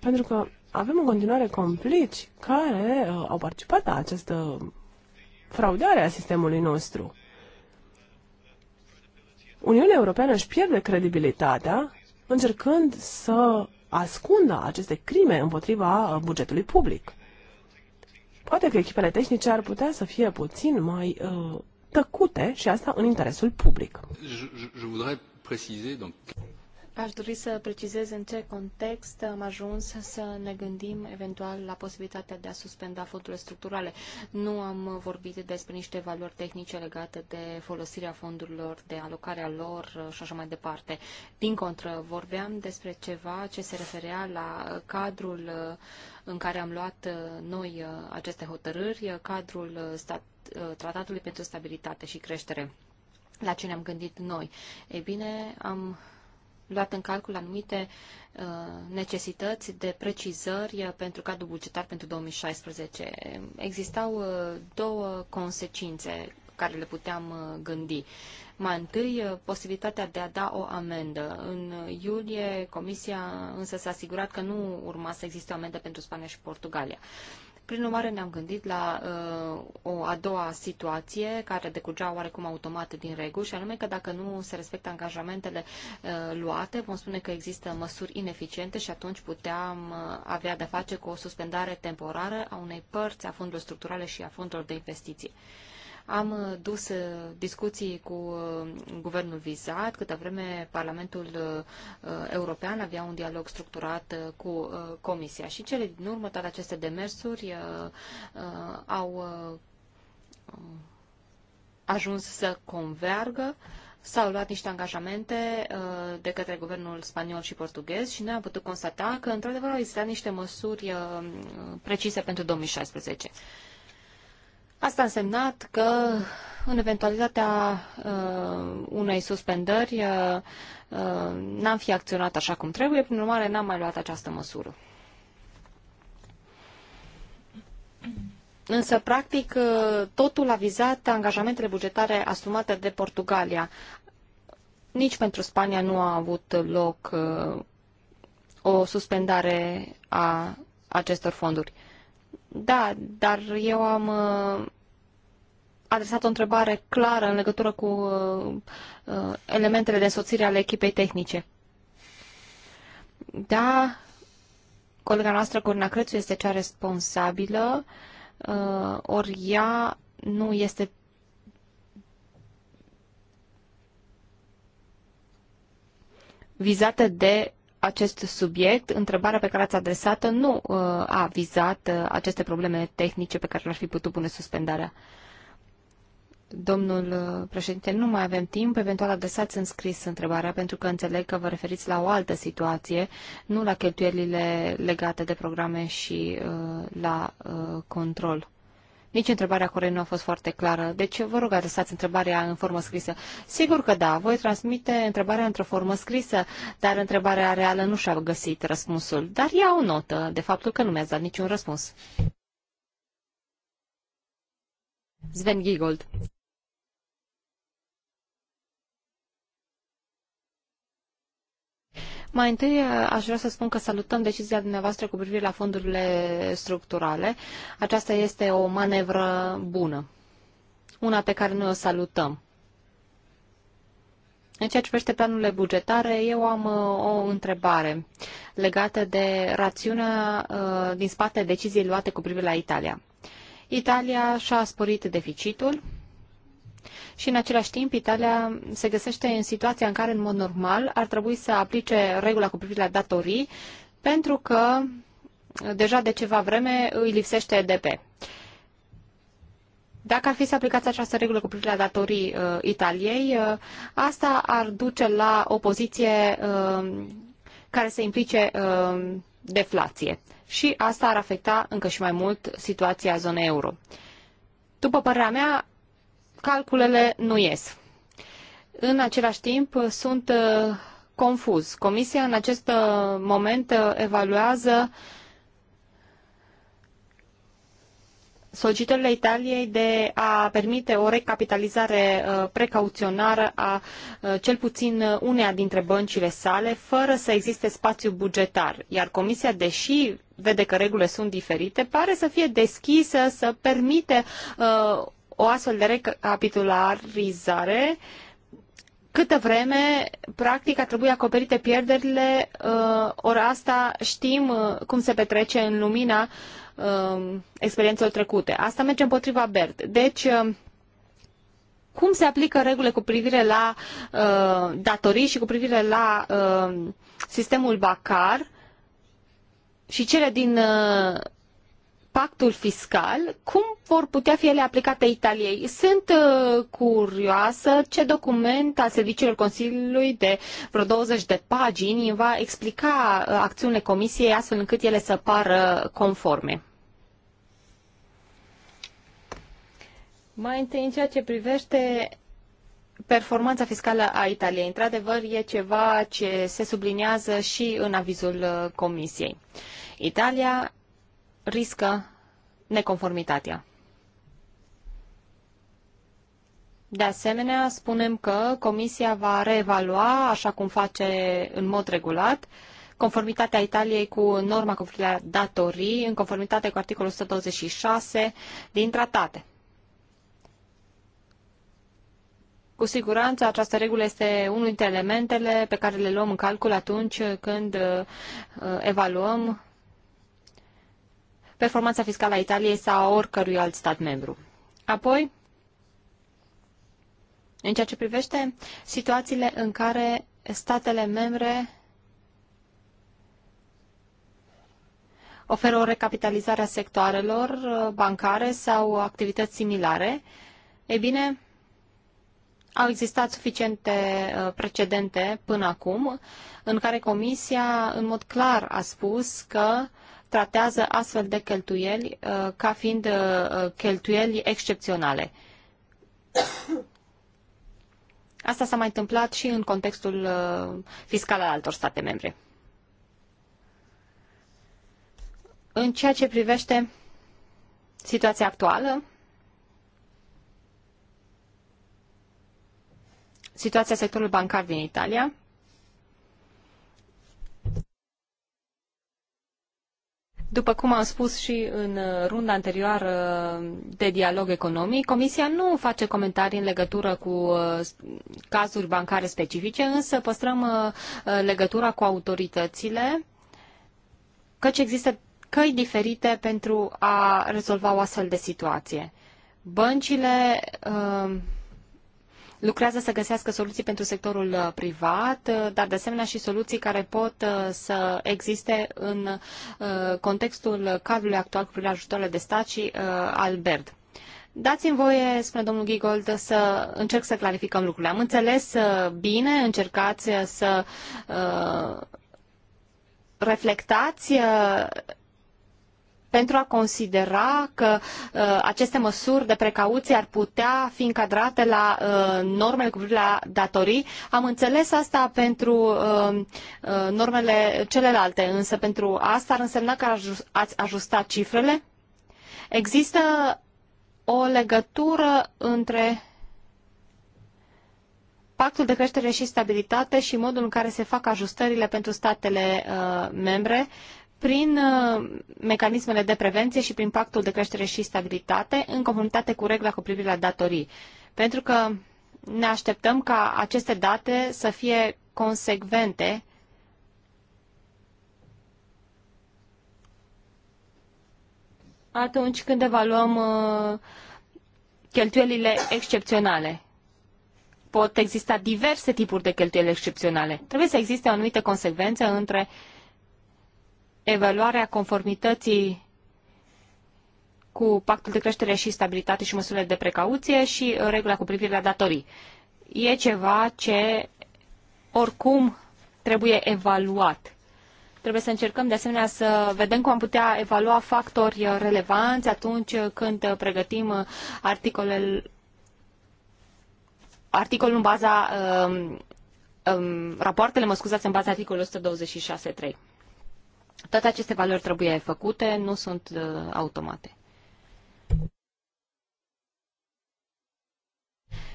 Pentru că avem în continuare complici care uh, au participat la această fraudare a sistemului nostru. Uniunea Europeană își pierde credibilitatea încercând să ascundă aceste crime împotriva uh, bugetului public. Poate că echipele tehnice ar putea să fie puțin mai uh, tăcute și asta în interesul public. Aș dori să precizez în ce context am ajuns să ne gândim eventual la posibilitatea de a suspenda fondurile structurale. Nu am vorbit despre niște valori tehnice legate de folosirea fondurilor, de alocarea lor și așa mai departe. Din contră, vorbeam despre ceva ce se referea la cadrul în care am luat noi aceste hotărâri, cadrul stat. Uh, Tratatului pentru Stabilitate și Creștere. La ce ne-am gândit noi? Ei bine, am luat în calcul anumite uh, necesități de precizări uh, pentru cadrul bugetar pentru 2016. Existau două consecințe care le puteam gândi. Mai întâi, posibilitatea de a da o amendă. În iulie, Comisia însă s-a asigurat că nu urma să existe o amendă pentru Spania și Portugalia. Uh, prin urmare, ne-am gândit la uh, o a doua situație care decurgea oarecum automat din reguli, și anume că dacă nu se respectă angajamentele uh, luate, vom spune că există măsuri ineficiente și atunci puteam uh, avea de face cu o suspendare temporară a unei părți a fondurilor structurale și a fondurilor de investiție. Uh, am uh, dus uh, discuții cu uh, guvernul vizat, câtă vreme Parlamentul European avea un dialog structurat cu Comisia. Și cele din urmă, toate aceste demersuri au ajuns să convergă s-au luat niște angajamente de către guvernul spaniol și portughez și noi am putut constata că, într-adevăr, au existat niște măsuri precise pentru 2016. Asta a însemnat că în eventualitatea uh, unei suspendări uh, uh, n-am fi acționat așa cum trebuie, prin urmare n-am mai luat această măsură. Însă, practic, uh, totul a vizat angajamentele bugetare asumate de Portugalia. Nici pentru Spania nu a avut loc uh, o suspendare a acestor fonduri. Da, dar eu am uh, adresat o întrebare clară în legătură cu uh, uh, elementele de însoțire ale echipei tehnice. Da, colega noastră, Corina Crețu, este cea responsabilă, uh, ori ea nu este vizată de acest subiect, întrebarea pe care ați adresat-o nu uh, a vizat uh, aceste probleme tehnice pe care le-ar fi putut pune suspendarea. Domnul uh, președinte, nu mai avem timp, eventual adresați în scris întrebarea, pentru că înțeleg că vă referiți la o altă situație, nu la cheltuielile legate de programe și uh, la uh, control. Nici întrebarea corei nu a fost foarte clară, deci vă rog adresați întrebarea în formă scrisă. Sigur că da, voi transmite întrebarea într-o formă scrisă, dar întrebarea reală nu și-a găsit răspunsul. Dar iau notă de faptul că nu mi-ați dat niciun răspuns. Sven Giegold Mai întâi eh, aș vrea să spun că salutăm decizia dumneavoastră cu privire la fondurile structurale. Aceasta este o manevră bună, una pe care noi o salutăm. În ceea ce privește planurile bugetare, eu am eh, o întrebare legată de rațiunea eh, din spate deciziei luate cu privire la Italia. Italia și-a sporit deficitul, și în același timp, Italia se găsește în situația în care, în mod normal, ar trebui să aplice regula cu privire la datorii, pentru că deja de ceva vreme îi lipsește EDP. Dacă ar fi să aplicați această regulă cu privire la datorii uh, Italiei, uh, asta ar duce la o poziție uh, care să implice uh, deflație. Și asta ar afecta încă și mai mult situația zonei euro. După părerea mea, calculele nu ies. În același timp, sunt uh, confuz. Comisia în acest uh, moment uh, evaluează solicitările Italiei de a permite o recapitalizare precauționară a cel puțin uneia dintre băncile sale, fără să existe spațiu bugetar. Iar Comisia, deși vede că regulile sunt diferite, pare să fie deschisă să permite uh, o astfel de recapitularizare câtă vreme, practic, ar trebui acoperite pierderile, uh, ori asta știm uh, cum se petrece în lumina uh, experiențelor trecute. Asta merge împotriva BERT. Deci, cum se aplică regulile cu privire la datorii și cu privire la sistemul Bacar și cele din pactul fiscal, cum vor putea fi ele aplicate Italiei? Sunt uh, curioasă ce document al serviciilor Consiliului de vreo 20 de pagini va explica uh, acțiunile Comisiei astfel încât ele să pară conforme. Mai întâi, în ceea ce privește performanța fiscală a Italiei, într-adevăr, e ceva ce se subliniază și în avizul uh, Comisiei. Italia riscă neconformitatea. De asemenea, spunem că Comisia va reevalua, așa cum face în mod regulat, conformitatea Italiei cu norma conflictului datorii, în conformitate cu articolul 126 din tratate. Cu siguranță, această regulă este unul dintre elementele pe care le luăm în calcul atunci când uh, evaluăm performanța fiscală a Italiei sau a oricărui alt stat membru. Apoi, în ceea ce privește situațiile în care statele membre oferă o recapitalizare a sectoarelor bancare sau activități similare, e bine, au existat suficiente uh, precedente până acum în care Comisia în mod clar a spus că uh, tratează astfel de cheltuieli uh, ca fiind uh, cheltuieli excepționale. Asta s-a mai întâmplat și în contextul uh, fiscal al altor state membre. În ceea ce privește situația actuală, situația sectorului bancar din Italia, După cum am spus și în uh, runda anterioară de dialog economic, Comisia nu face comentarii în legătură cu uh, cazuri bancare specifice, însă păstrăm uh, legătura cu autoritățile, căci există căi diferite pentru a rezolva o astfel de situație. Băncile lucrează să găsească soluții pentru sectorul uh, privat, uh, dar de asemenea și soluții care pot uh, să existe în contextul cadrului actual cu privire la ajutoarele de stat și al BERD. Dați-mi voie, spune domnul Gigold, să încerc să clarificăm lucrurile. Am înțeles bine, încercați să reflectați pentru a considera că uh, aceste măsuri de precauție ar putea fi încadrate la uh, normele cu privire la datorii. Am înțeles asta pentru uh, uh normele celelalte, însă pentru asta ar însemna că ați ajustat cifrele? Există o legătură între pactul de creștere și stabilitate și modul în care se fac ajustările pentru statele uh, membre prin uh, mecanismele de prevenție și prin pactul de creștere și stabilitate, în conformitate cu regula cu privire la datorii. Pentru că ne așteptăm ca aceste date să fie consecvente atunci când evaluăm uh, cheltuielile excepționale. Pot exista diverse tipuri de cheltuieli excepționale. Trebuie să existe o anumită consecvență între uh, evaluarea conformității cu pactul de creștere și stabilitate și măsurile de precauție și regula cu privire la datorii. E ceva ce oricum trebuie evaluat. Trebuie să încercăm de asemenea să vedem cum am putea evalua factori relevanți atunci când pregătim articolul, articolul în baza um, um, rapoartele, mă scuzați, în baza articolului 126.3. Toate aceste valori trebuie făcute, nu sunt uh, automate.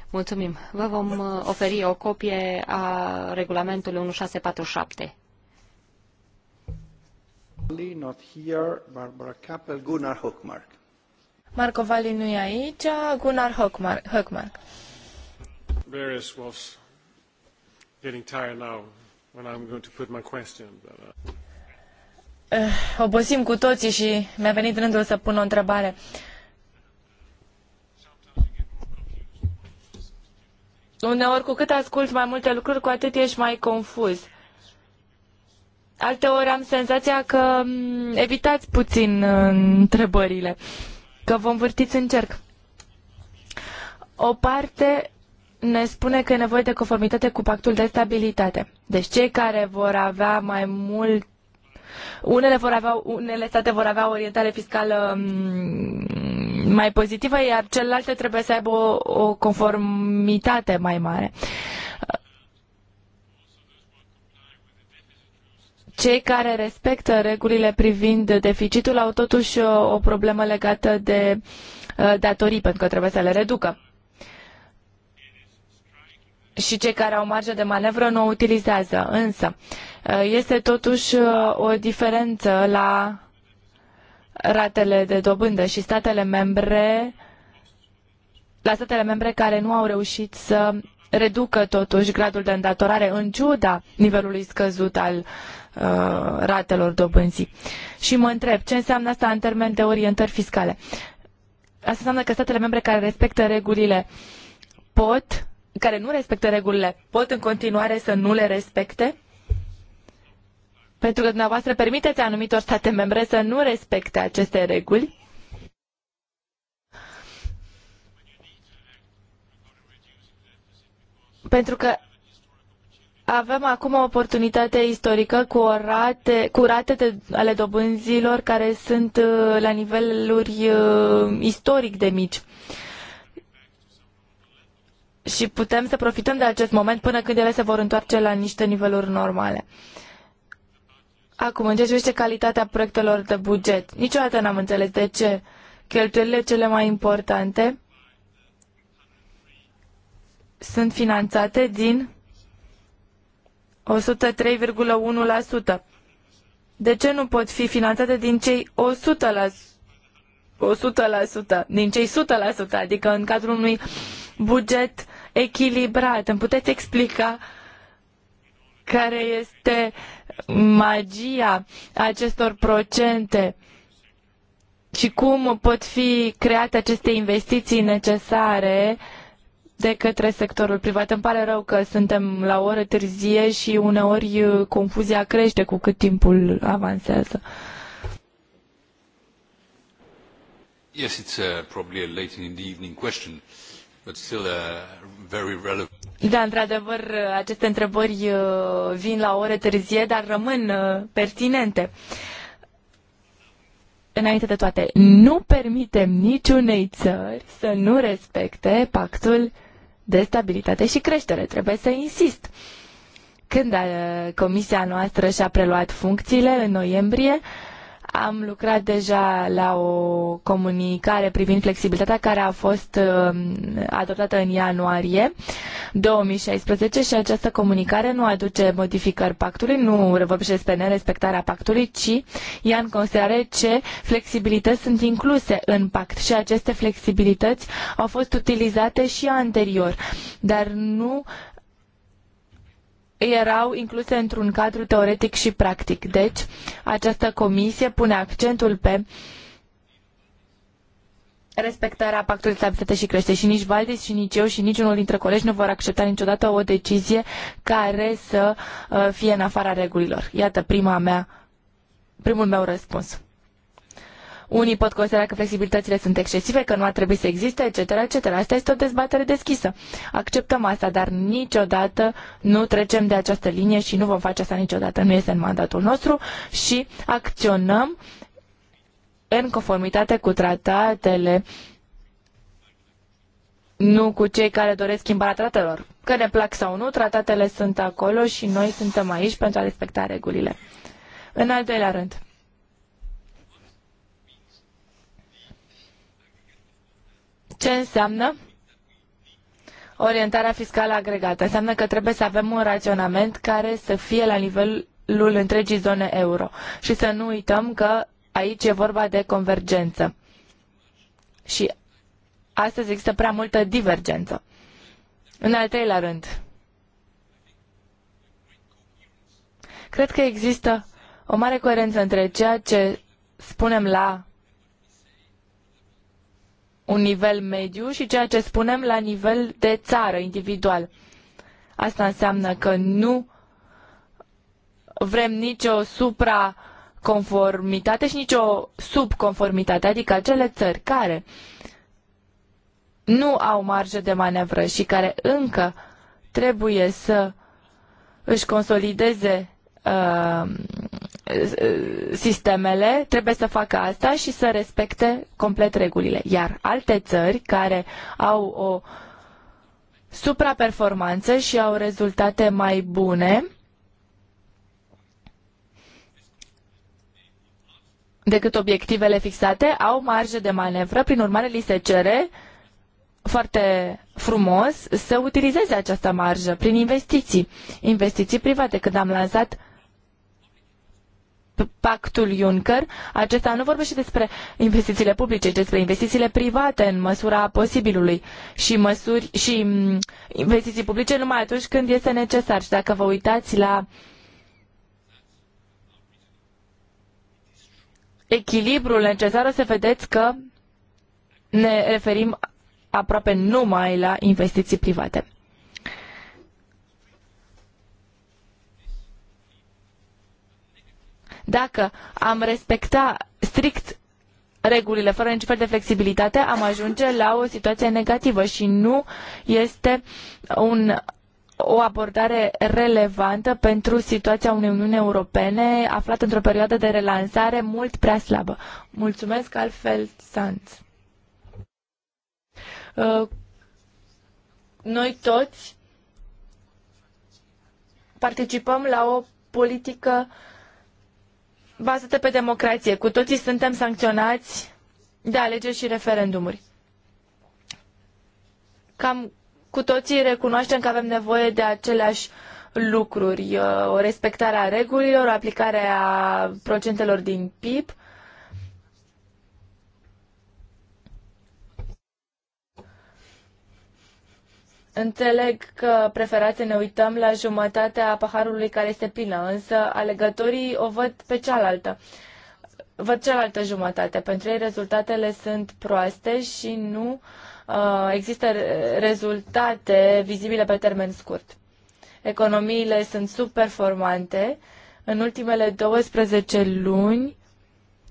Mulțumim. Vă vom uh, oferi o copie a regulamentului 1647. Not here, Barbara Kappel, Gunnar Hochmark. Marco Vali nu e aici, Gunnar Hochmark. Hochmark. Various was getting tired now when I'm going to put my question. But, uh... Eh, obosim cu toții și mi-a venit rândul să pun o întrebare. Uneori, cu cât ascult mai multe lucruri, cu atât ești mai confuz. Alteori am senzația că mm, evitați puțin uh, întrebările, că vă învârtiți în cerc. O parte ne spune că e nevoie de conformitate cu pactul de stabilitate. Deci cei care vor avea mai mult unele, vor avea, unele state vor avea o orientare fiscală mm, mai pozitivă, iar celelalte trebuie să aibă o, o conformitate mai mare. Cei care respectă regulile privind deficitul au totuși o, o problemă legată de uh, datorii, pentru că trebuie să le reducă și cei care au marjă de manevră nu o utilizează. Însă, uh, este totuși uh, o diferență la ratele de dobândă și statele membre, la statele membre care nu au reușit să reducă totuși gradul de îndatorare în ciuda nivelului scăzut al uh, ratelor dobânzii. Și mă întreb, ce înseamnă asta în termen de orientări fiscale? Asta înseamnă că statele membre care respectă regulile pot care nu respectă regulile pot în continuare să nu le respecte? Pentru că dumneavoastră permiteți anumitor state membre să nu respecte aceste reguli? Pentru că avem acum o oportunitate istorică cu, o rate, cu rate de, ale dobânzilor care sunt uh, la niveluri uh, istoric de mici. Uh, și putem să profităm de acest moment până când ele se vor întoarce la niște niveluri normale. Acum, în ce privește calitatea proiectelor de buget, niciodată n-am înțeles de ce cheltuielile cele mai importante sunt finanțate din 103,1%. De ce nu pot fi finanțate din cei 100%, 100% din cei 100%, adică în cadrul unui buget echilibrat. Îmi puteți explica care este magia acestor procente și cum pot fi create aceste investiții necesare de către sectorul privat. Îmi pare rău că suntem la o oră târzie și uneori uh, confuzia crește cu cât timpul avansează. Yes, it's uh, probably a late in the evening question. Uh, da, într-adevăr, aceste întrebări uh, vin la ore târzie, dar rămân uh, pertinente. Înainte de toate, nu permitem niciunei țări să nu respecte pactul de stabilitate și creștere. Trebuie să insist. Când comisia noastră și-a preluat funcțiile în noiembrie, am lucrat deja la o comunicare privind flexibilitatea care a fost um, adoptată în ianuarie 2016 și această comunicare nu aduce modificări pactului, nu vorbește despre nerespectarea pactului, ci ia în considerare ce flexibilități sunt incluse în pact și aceste flexibilități au fost utilizate și anterior, dar nu erau incluse într-un cadru teoretic și practic. Deci, această comisie pune accentul pe respectarea pactului stabilitate și crește. Și nici Valdis, și nici eu, și niciunul dintre colegi nu vor accepta niciodată o decizie care să uh, fie în afara regulilor. Iată prima mea, primul meu răspuns. Unii pot considera că flexibilitățile sunt excesive, că nu ar trebui să existe, etc., etc. Asta este o dezbatere deschisă. Acceptăm asta, dar niciodată nu trecem de această linie și nu vom face asta niciodată. Nu este în mandatul nostru și acționăm în conformitate cu tratatele nu cu cei care doresc schimbarea tratatelor. Că ne plac sau nu, tratatele sunt acolo și noi suntem aici pentru a respecta regulile. În al doilea rând, Ce înseamnă? Orientarea fiscală agregată. Înseamnă că trebuie să avem un raționament care să fie la nivelul întregii zone euro. Și să nu uităm că aici e vorba de convergență. Și astăzi există prea multă divergență. În al treilea rând, cred că există o mare coerență între ceea ce spunem la un nivel mediu și ceea ce spunem la nivel de țară, individual. Asta înseamnă că nu vrem nicio supraconformitate și nicio subconformitate, adică acele țări care nu au marjă de manevră și care încă trebuie să își consolideze uh, sistemele trebuie să facă asta și să respecte complet regulile. Iar alte țări care au o supraperformanță și au rezultate mai bune decât obiectivele fixate, au marjă de manevră, prin urmare li se cere foarte frumos să utilizeze această marjă prin investiții, investiții private. Când am lansat pactul Juncker, acesta nu vorbește despre investițiile publice, ci despre investițiile private în măsura posibilului și măsuri și mm, investiții publice numai atunci când este necesar. Și dacă vă uitați la echilibrul necesar, o să vedeți că ne referim aproape numai la investiții private. Dacă am respecta strict regulile fără niciun fel de flexibilitate, am ajunge la o situație negativă și nu este un o abordare relevantă pentru situația unei Uniuni Europene aflată într-o perioadă de relansare mult prea slabă. Mulțumesc, altfel, Sanz. Uh, noi toți participăm la o politică uh, bazată pe democrație. Cu toții suntem sancționați de alegeri și referendumuri. Cam cu toții recunoaștem că avem nevoie de aceleași lucruri, o respectare a regulilor, o aplicare a procentelor din PIB, Înțeleg că preferați să ne uităm la jumătatea paharului care este plină, însă alegătorii o văd pe cealaltă. Văd cealaltă jumătate. Pentru ei rezultatele sunt proaste și nu uh, există rezultate vizibile pe termen scurt. Economiile sunt subperformante. În ultimele 12 luni,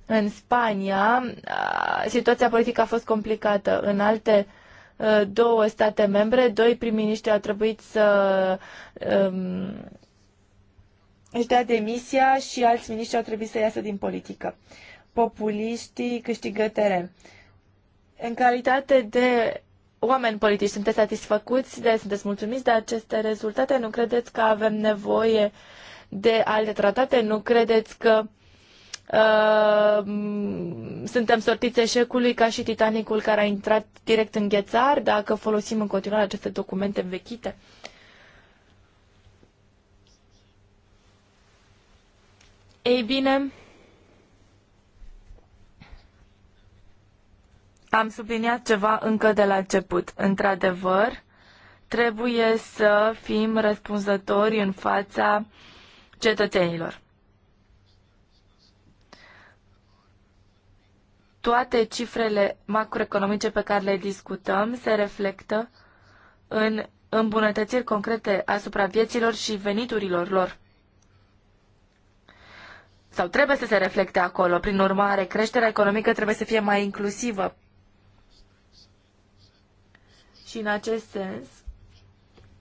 în Spania, uh, situația politică a fost complicată. În alte Uh, două state membre, doi prim-ministri au trebuit să um, își dea demisia și alți miniștri au trebuit să iasă din politică. Populiștii câștigă teren. În calitate de oameni politici, sunteți satisfăcuți, de, sunteți mulțumiți de aceste rezultate? Nu credeți că avem nevoie de alte tratate? Nu credeți că Uh, suntem sortiți eșecului ca și Titanicul care a intrat direct în ghețar dacă folosim în continuare aceste documente învechite? Ei bine, am subliniat ceva încă de la început. Într-adevăr, trebuie să fim răspunzători în fața cetățenilor. toate cifrele macroeconomice pe care le discutăm se reflectă în îmbunătățiri concrete asupra vieților și veniturilor lor. Sau trebuie să se reflecte acolo. Prin urmare, creșterea economică trebuie să fie mai inclusivă. Și în acest sens,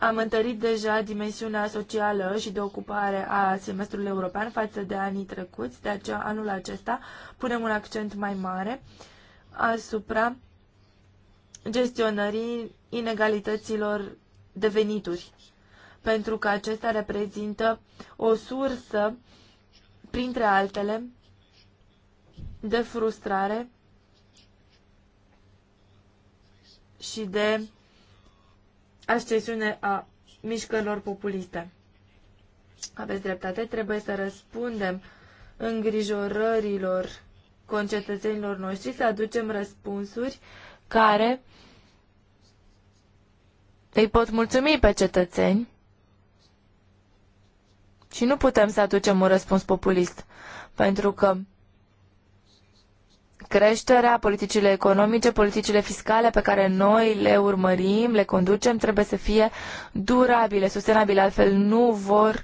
am întărit deja dimensiunea socială și de ocupare a semestrului european față de anii trecuți, de aceea anul acesta punem un accent mai mare asupra gestionării inegalităților de venituri, pentru că acesta reprezintă o sursă, printre altele, de frustrare și de ascensiune a mișcărilor populiste. Aveți dreptate, trebuie să răspundem îngrijorărilor concetățenilor noștri, să aducem răspunsuri care îi pot mulțumi pe cetățeni și nu putem să aducem un răspuns populist, pentru că creșterea, politicile economice, politicile fiscale pe care noi le urmărim, le conducem, trebuie să fie durabile, sustenabile, altfel nu vor,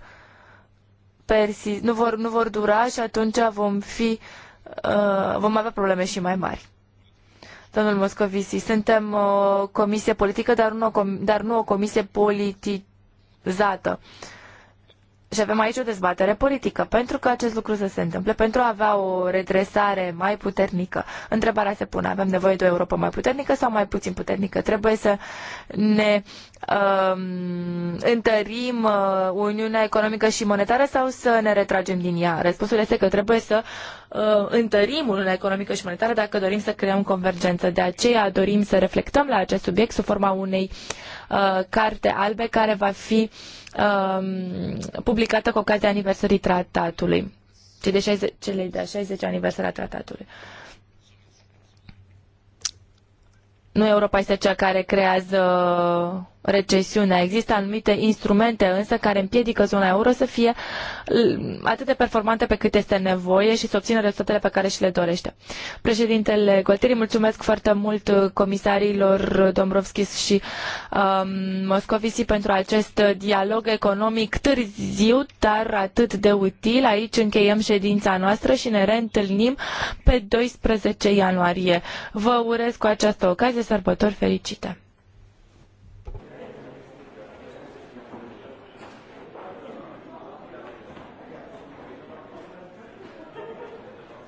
persi- nu vor, nu vor dura și atunci vom, fi, uh, vom avea probleme și mai mari. Domnul Moscovici, suntem o comisie politică, dar nu o, com- dar nu o comisie politizată. Uh, și avem aici o dezbatere politică. Pentru că acest lucru să se întâmple, pentru a avea o redresare mai puternică, întrebarea se pune, avem nevoie de o Europa mai puternică sau mai puțin puternică? Trebuie să ne um, întărim uh, Uniunea Economică și Monetară sau să ne retragem din ea? Răspunsul este că trebuie să uh, întărim Uniunea Economică și Monetară dacă dorim să creăm convergență. De aceea dorim să reflectăm la acest subiect sub forma unei uh, Uh, carte albe care va fi um, publicată cu ocazia aniversării tratatului, cei de 60, celei de 60 aniversarea tratatului. Nu Europa este cea care creează recesiunea. Există anumite instrumente însă care împiedică zona euro să fie atât de performantă pe cât este nevoie și să obțină rezultatele pe care și le dorește. Președintele Gualtieri, mulțumesc foarte mult comisarilor Dombrovskis și um, Moscovici pentru acest dialog economic târziu, dar atât de util. Aici încheiem ședința noastră și ne reîntâlnim pe 12 ianuarie. Vă urez cu această ocazie sărbători fericite!